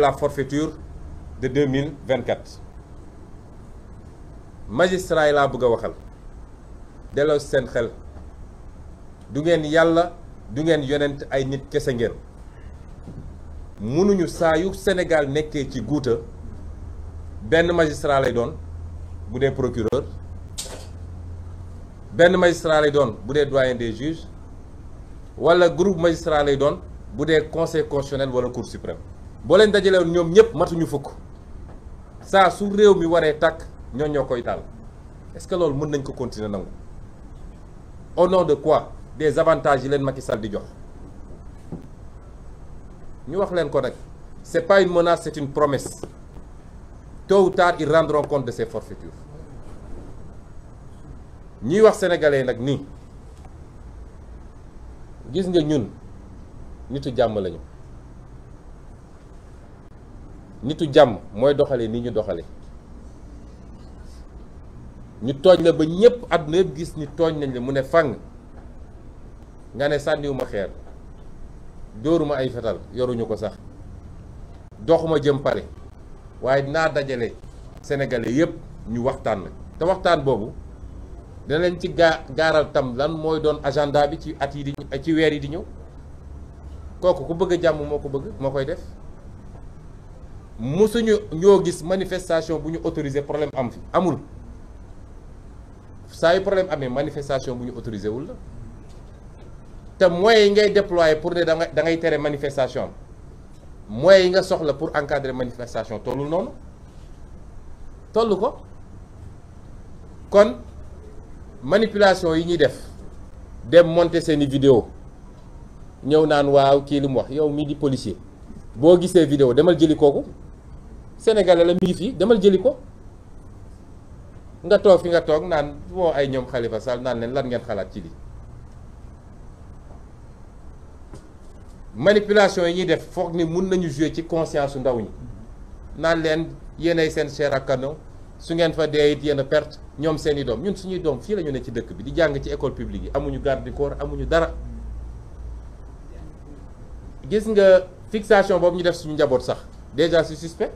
la forfeture de 2024 magistrat yi laa bëgg a waxal delloo seen xel du ngeen yàlla du ngeen yonent ay nit kese ngeen mënuñu saayu yu Sénégal nekkee ci guuta benn magistrat lay doon bu dee procureur benn magistrat lay doon bu dee doyen des juges wala groupe magistrat lay doon bu dee conseil constitutionnel wala cour suprême boo leen dajalewoon ñoom ñëpp matuñu fukk saa su réew mi waree tàkk ñoo ñoo koy taal est-ce que loolu mën nañ ko continuer nangu au nom de quoi des avantages yi leen Macky Sall di jox ñu wax leen ko nag c'est pas une menace c'est une promesse tôt ou tard de ces forfaitures ñuy wax sénégalais nag nii gis nga ñun nitu jàmm lañu nitu jàmm mooy doxale ni ñu doxale ñu tooñ la ba ñëpp àdduna yëpp gis ni tooñ nañ la mu ne fang nga ne sànniwuma xeer dóoruma ay fetal yoruñu ko sax doxuma jëm pare waaye dinaa dajale sénégalais yëpp ñu waxtaan na te waxtaan boobu dina leen ci gaa gaaral tam lan mooy doon agenda bi ci at yi di ci weer yi di ñëw kooku ku bëgg a jàmm moo ko bëgg moo koy def suñu ñoo gis manifestation bu ñu autorisé problème am fi amul saa yu problème amee manifestation bu ñu autorisé wul la te moyens yi ngay déployer pour ne da ngay da ngay tere manifestation am moyens yi nga soxla pour encadrer manifestation tollul noonu toll ko kon manipulation yi ñuy def dem monter seeni vidéo ñëw naan waaw kii li mu wax yow mi di policier boo gisee vidéo demal jëli kooku sénégalais la mi ngi fii demal jëli ko nga toog fi nga toog naan woo ay ñoom Khalifa Sall naan leen lan ngeen xalaat ci lii manipulation yi ñuy def foog ni mun nañu jouer ci conscience su ndaw ñi naan leen yéenay seen cher ak canon su ngeen fa dee it yéen perte ñoom seen i doom ñun suñuy doom fii la ñu ne ci dëkk bi di jàng ci école publique yi amuñu garde du corps amuñu dara gis nga fixation boobu ñu def suñu njaboot sax déjà c'est suspect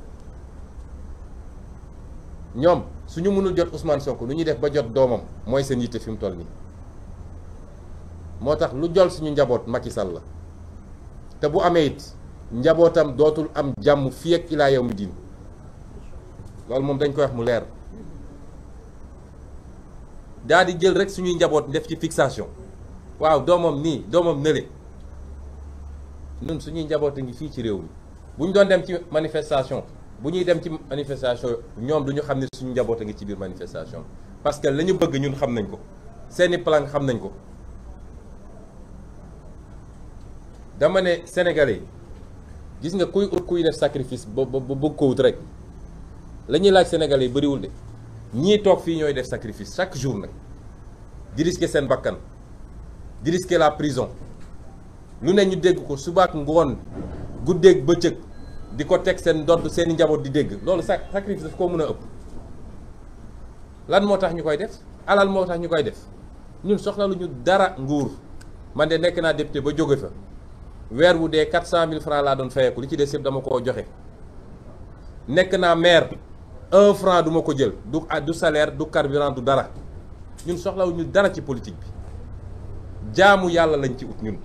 ñoom suñu mënul jot Ousmane Sonko lu ñuy def ba jot doomam mooy seen yitte fi mu toll nii moo tax lu jol suñu njaboot Macky Sall la te bu amee it njabootam dootul am jàmm fii ak ilaa yow mi diin loolu moom dañ koy wax mu leer daa jël rek suñuy njaboot def ci fixation waaw doomam nii doomam nële ñun suñuy njaboot ngi fii ci réew mi bu ñu doon dem ci manifestation bu ñuy dem ci manifestation ñoom du ñu xam ne suñu njaboot a ngi ci biir manifestation parce que la ñu bëgg ñun xam nañ ko seeni plan xam nañ ko dama ne sénégalais yi gis nga kuy ut kuy def sacrifice ba ba bëgg ko rek la ñuy laaj sénégalais yi bëriwul de ñii toog fii ñooy def sacrifice chaque jour nag di risquer seen bakkan di risquer la prison lu ne ñu dégg ko subaak ngoon ba bëccëg. di ko teg seen ndodd seen i njaboot di dégg loolu sak sacrifice daf koo mën a ëpp lan moo tax ñu koy def alal moo tax ñu koy def ñun soxlaluñu dara nguur man de nekk naa député ba jóge fa weer wu dee 400000 francs laa doon fayeeku li ci des yëpp dama koo joxe nekk naa maire un franc du ma ko jël du du salaire du carburant du dara ñun soxlawuñu dara ci politique bi jaamu yàlla lañ ci ut ñun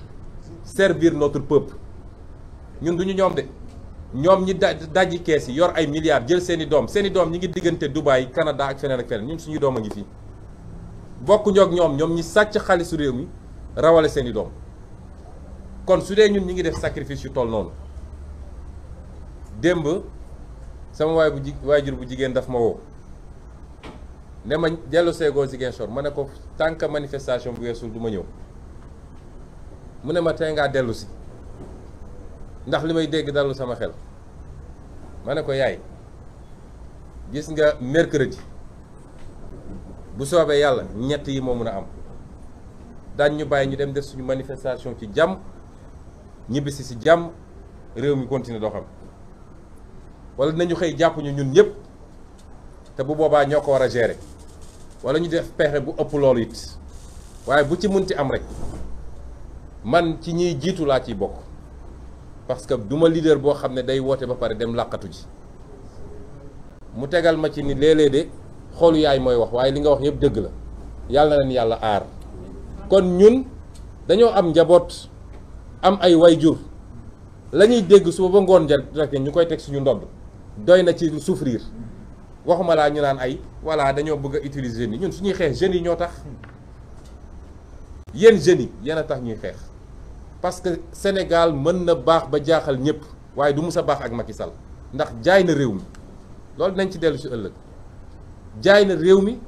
servir notre peuple ñun duñu ñoom de ñoom ñi da dajji kees yi yor ay milliards jël seen i doom seeni i doom ñi ngi diggante Dubaï Canada ak feneen ak feneen ñun suñu doom a ngi fii bokkuñoo ak ñoom ñoom ñi sàcc xaalisu réew mi rawale seen i doom kon su dee ñun ñi ngi def sacrifice yu toll noonu démb sama waay bu ji waajur bu jigéen dafa ma woo ne ma dellu seegoo Ziguinchor ma ne ko tànk manifestation bu weesul du ma ñëw mu ne ma tey ngaa dellu si ndax li may dégg dalul sama xel mane ko yaay gis nga mercredi bu soobee yàlla ñett yi moo mën a am daañ ñu bàyyi ñu dem def suñu manifestation ci jàmm ñibbisi si jàmm réew mi continuer doxam wala nañu xëy jàpp ñu ñun ñëpp te bu boobaa ñoo ko war a gérer wala ñu def pexe bu ëpp loolu it waaye bu ci munti am rek man ci ñiy jiitu laa ciy bokk parce que du ma leader boo xam ne day woote ba pare dem làqatu ji mu tegal ma ci ni léeg-léeg de xoolu yaay mooy wax waaye li nga wax yëpp dëgg la yàlla na leen yàlla aar kon ñun dañoo am njaboot am ay wayjur la ñuy dégg suba ba ngoon rek ñu koy teg suñu ndodd doy na ci souffrir waxuma laa ñu naan ay voilà dañoo bëgg a utiliser ni yi ñun suñuy xeex jeunes yi ñoo tax yéen jeunes yi yéen a tax ñuy xeex. parce que Sénégal mën na baax ba jaaxal ñëpp waaye du mus a baax ak Macky Sall ndax jaay na réew mi loolu nañ ci dellu si ëllëg jaay na réew mi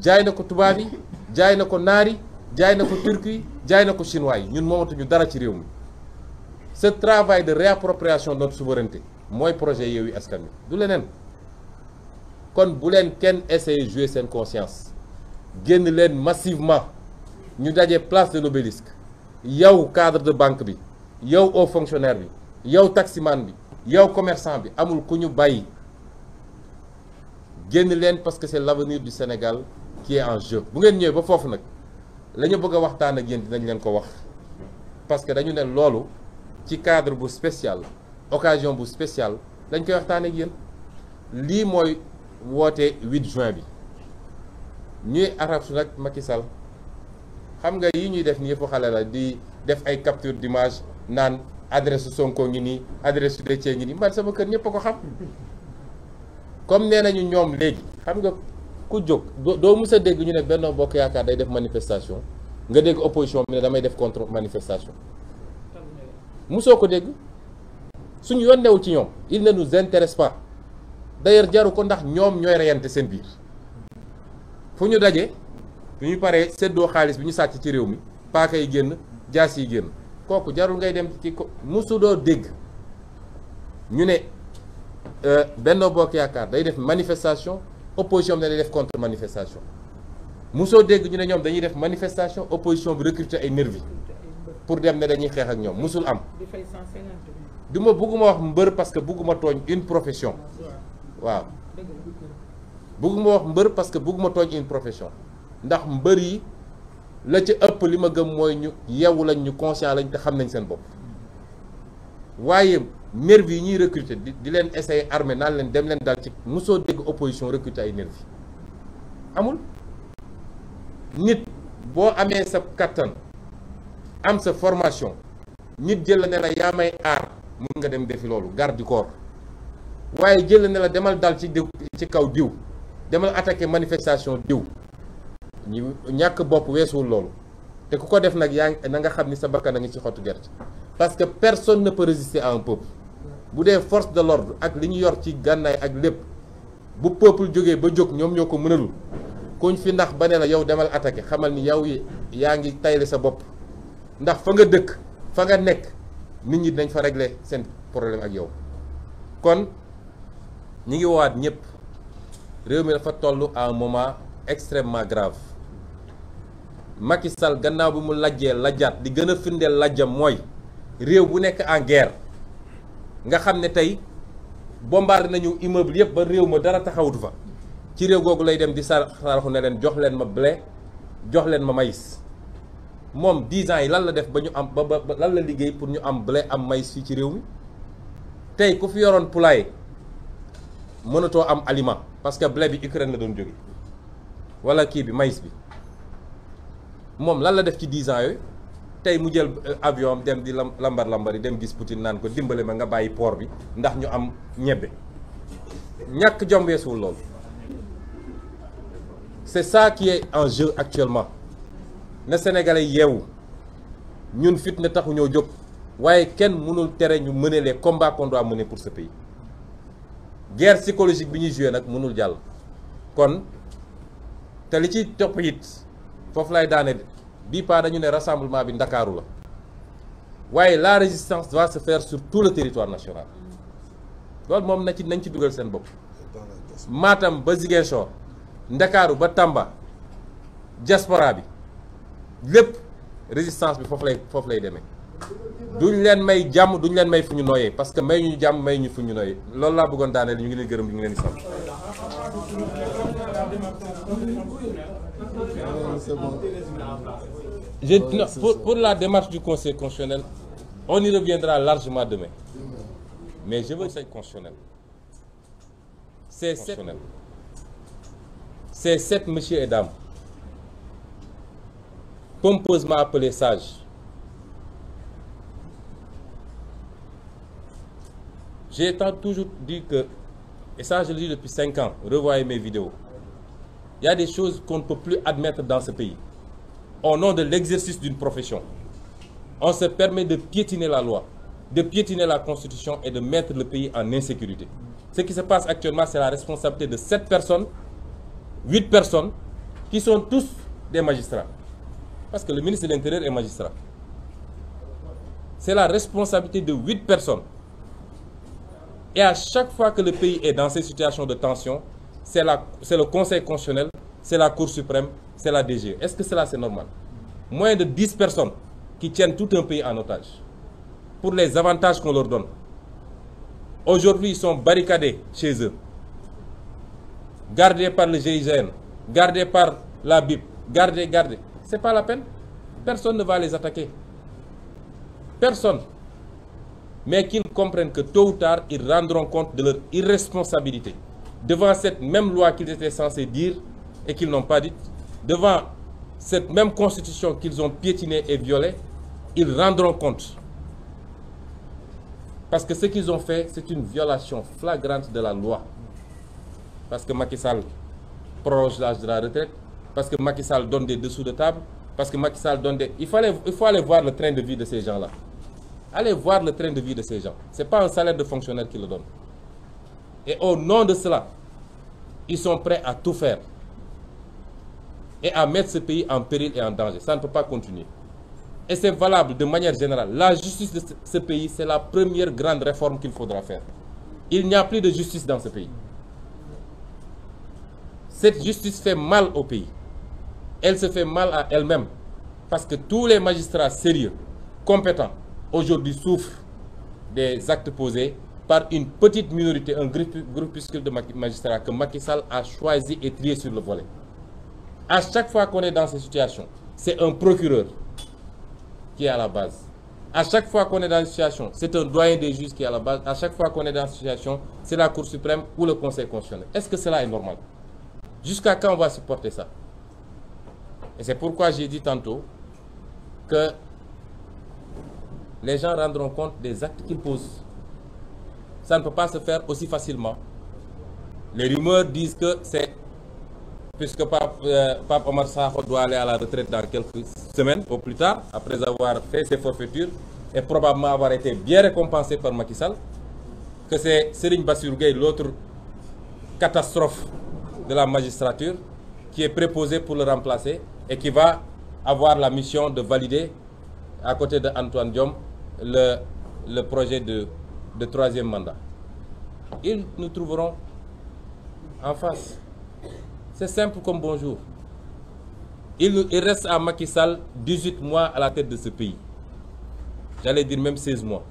jaay na ko tubaab yi jaay na ko naar yi jaay na ko turc jaay na ko chinois yi ñun moomatuñu dara ci réew mi ce travail de réappropriation de notre souveraineté mooy projet Yewwi Askan Wi du leneen kon bu leen kenn essayer jouer seen conscience génn leen massivement ñu daje place de l'Obélisque yow cadre de banque bi yow haut fonctionnaire bi yow taximan bi yow commerçant bi amul ku ñu bàyyi génn leen parce que c'est l'avenir du Sénégal qui en jeu bu ngeen ñëwee ba foofu nag lañu ñu bëgg a waxtaan ak yéen dinañ leen ko wax parce que dañu ne loolu ci cadre bu spécial occasion bu spéciale dañ koy waxtaan ak yéen lii mooy woote 8 juin bi ñuy arabtu nag Macky xam nga yi ñuy def nii yëpp xale la di def ay capture d'image naan adresse Sonko ngi nii adresse Déthié ngi nii man sama kër ñëpp a ko xam comme nee nañu ñoom léegi xam nga ku jóg doo mës a dégg ñu ne Benno Bokk Yaakaar day def manifestation nga dégg opposition bi ne damay def contre manifestation musoo ko dégg suñu yoon newu ci ñoom il ne nous intéresse pas d'ailleurs jaru ko ndax ñoom ñooy reyante seen biir fu ñu dajee bi ñu paree seddoo xaalis bi ñu sàcc ci réew mi paaka yi génn jaas yi génn kooku jarul ngay dem ci ko musudoo dégg ñu ne euh, Benno Bokk Yaakaar day def manifestation opposition bi ne def contre manifestation musoo dégg ñu ne ñoom dañuy def manifestation opposition bi recruter ay nervi pour dem ne dañuy xeex ak ñoom musul am du ma bugguma wax mbër parce que bugguma tooñ une profession waaw bugguma wax mbër parce que bugguma tooñ une profession ndax mbër yi la ca ëpp li ma gëm mooy ñu yewu lañ ñu conscient lañ te xam nañ seen bopp waaye nervi yi ñuy recruter di di leen essayer armé naan leen dem leen dal ci mosoo dégg opposition recruter ay nervi amul nit boo amee sa kattan am sa formation nit jël la ne la yaa may aar mun nga dem defi loolu garde du corps waaye jël la ne la demal dal ci diw ci kaw diw demal attaquer manifestation diw ñu ñàkk bopp weesuwul loolu te ku ko def nag yaa na nga xam ni sa bakkan a ngi ci xottu gerte parce que personne ne peut résister à peuple bu dee force de l'ordre ak li ñu yor ci gànnaay ak lépp bu peuple jógee ba jóg ñoom ñoo ko mënalul kuñ fi ndax ba ne la yow demal attaqué xamal ni yow yaa ngi tayle sa bopp ndax fa nga dëkk fa nga nekk nit ñi dañ fa régler seen problème ak yow kon ñi ngi waat ñëpp réew mi dafa toll à un moment extrêmement grave Macky Sall gannaaw bi mu lajjee lajjaat di gën a firndeel lajjam mooy réew bu nekk en guerre nga xam ne tey bombardé nañu immeuble yëpp ba réew ma dara taxawutu fa ci réew googu lay dem di saraxu ne leen jox leen ma blé jox leen ma mais moom 10 ans yi lan la def ba ñu am ba ba lan la liggéey pour ñu am blé am maïs fii ci réew mi tey ku fi yoroon poulailler mënatoo am aliment parce que blé bi Ukraine la doon jóge wala kii bi maïs bi. moom lan la def ci 10 ans tey mu jël euh, avion am dem di lambar lambari dem gis Poutine naan ko dimbali ma nga bàyyi poor bi ndax ñu am ñebbe ñàkk jom weesuwul loolu c'est ça qui en jeu actuellement na sénégalais yeewu ñun fitna taxu ñoo jóg waaye kenn mënul tere ñu mener les combats qu'on doit pour ce pays guerre psychologique bi ñuy joué nag mënul jàll kon te li ci topp foofu lay daaneel bii pas dañu ne rassemblement bi ndakaaru la waaye la résistance doit sur tout le territoire national loolu moom na ci nañ ci dugal seen bopp maatam ba Ziguinchor ndakaaru ba tàmba diaspora bi lépp résistance bi foofu lay foofu lay demee duñ leen may jàmm duñu leen may fu ñu nooyee parce que may ñu jàmm may ñu fu ñu nooyee loolu laa bëggoon daaneel ñu ngi leen gërëm ñu ngi leen di Ah, je non, pour la démarche du conseil constitutionnel on y reviendra largement demain mais je veux conseil constitutionnel c'est sept c'est sept messieurs et dames pompeusement appelés sages j'ai tant toujours dit que et ça je le dis depuis cinq ans revoyez mes vidéos Il y a des choses qu'on ne peut plus admettre dans ce pays. Au nom de l'exercice d'une profession, on se permet de piétiner la loi, de piétiner la constitution et de mettre le pays en insécurité. Ce qui se passe actuellement, c'est la responsabilité de sept personnes, huit qui sont tous des magistrats. Parce que le ministre de l'Intérieur est magistrat. C'est la responsabilité de huit personnes. Et à chaque fois que le pays est dans ces situations de tension, c'est la c'est le conseil constitutionnel c'est la cour suprême c'est la DG e. est-ce que cela c'est normal moins de dix personnes qui tiennent tout un pays en otage pour les avantages qu'on leur donne aujourd'hui ils sont barricadés chez eux gardés par le GIGN gardés par la BIP gardés gardés c'est pas la peine personne ne va les attaquer personne mais qu'ils comprennent que tôt ou tard ils rendront compte de leur irresponsabilité devant cette même loi qu'ils étaient censés dire et qu'ils n'ont pas dite, devant cette même constitution qu'ils ont piétinée et violée, ils rendront compte. Parce que ce qu'ils ont fait, c'est une violation flagrante de la loi. Parce que Macky Sall prolonge l'âge de la retraite, parce que Macky Sall donne des dessous de table, parce que Macky Sall donne des... Il, faut aller voir le train de vie de ces gens-là. Allez voir le train de vie de ces gens. Ce n'est ils sont prêts à tout faire et à mettre ce pays en péril et en danger. Ça ne peut pas continuer. Et c'est valable de manière générale. La justice de ce pays, c'est la première grande réforme qu'il faudra faire. Il n'y a plus de justice dans ce pays. Cette justice fait mal au pays. Elle se fait mal à elle-même. Parce que tous les magistrats sérieux, compétents, aujourd'hui souffrent des actes posés par une petite minorité, un groupuscule de magistrats que Macky a choisi et trié sur le volet. À chaque fois qu'on est dans ces situations, c'est un procureur qui est à la base. À chaque fois qu'on est dans une situation, c'est un doyen des juges qui est à la base. À chaque fois qu'on est dans une situation, c'est la Cour suprême ou le Conseil constitutionnel. Est-ce que cela est normal Jusqu'à quand on va supporter ça Et c'est pourquoi j'ai dit tantôt que les gens rendront des actes ça ne peut pas se faire aussi facilement les rumeurs disent que c'est puisque euh, Pape Omar Sakho doit aller à la retraite dans quelques semaines au plus tard après avoir fait ses forfaitures et probablement avoir été bien récompensé par Macky Sall que c'est Serigne Bassirou l'autre catastrophe de la magistrature qui est préposé pour le remplacer et qui va avoir la mission de valider à côté de Antoine Diome le projet de de troisième mandat. Ils nous trouveront en face. C'est simple comme bonjour. Il, il reste à Macky Sall 18 mois à la tête de ce pays. J'allais dire même 16 mois.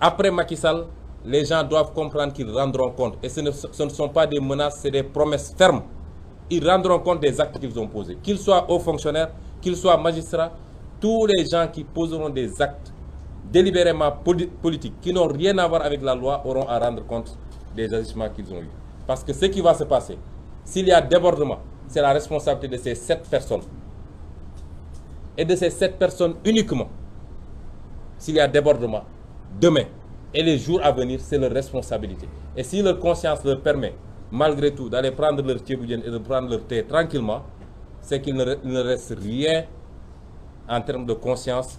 Après Macky Sall, les gens doivent comprendre qu'ils rendront compte. Et ce ne, ce ne sont pas des menaces, c'est des promesses fermes. Ils rendront compte des actes qu'ils ont posés. Qu'ils soient hauts fonctionnaires, qu'ils soient magistrats, tous les gens qui poseront des actes délibérément politiques qui n'ont rien à voir avec la loi auront à rendre compte des agissements qu'ils ont eus. Parce que ce qui va se passer, s'il y a débordement, c'est la responsabilité de ces sept personnes. Et de ces sept personnes uniquement. S'il y a débordement, demain et les jours à venir, c'est leur responsabilité. Et si leur conscience leur permet, malgré tout, d'aller prendre leur tchéboudienne et de prendre leur thé tranquillement, c'est qu'il ne, ne reste de conscience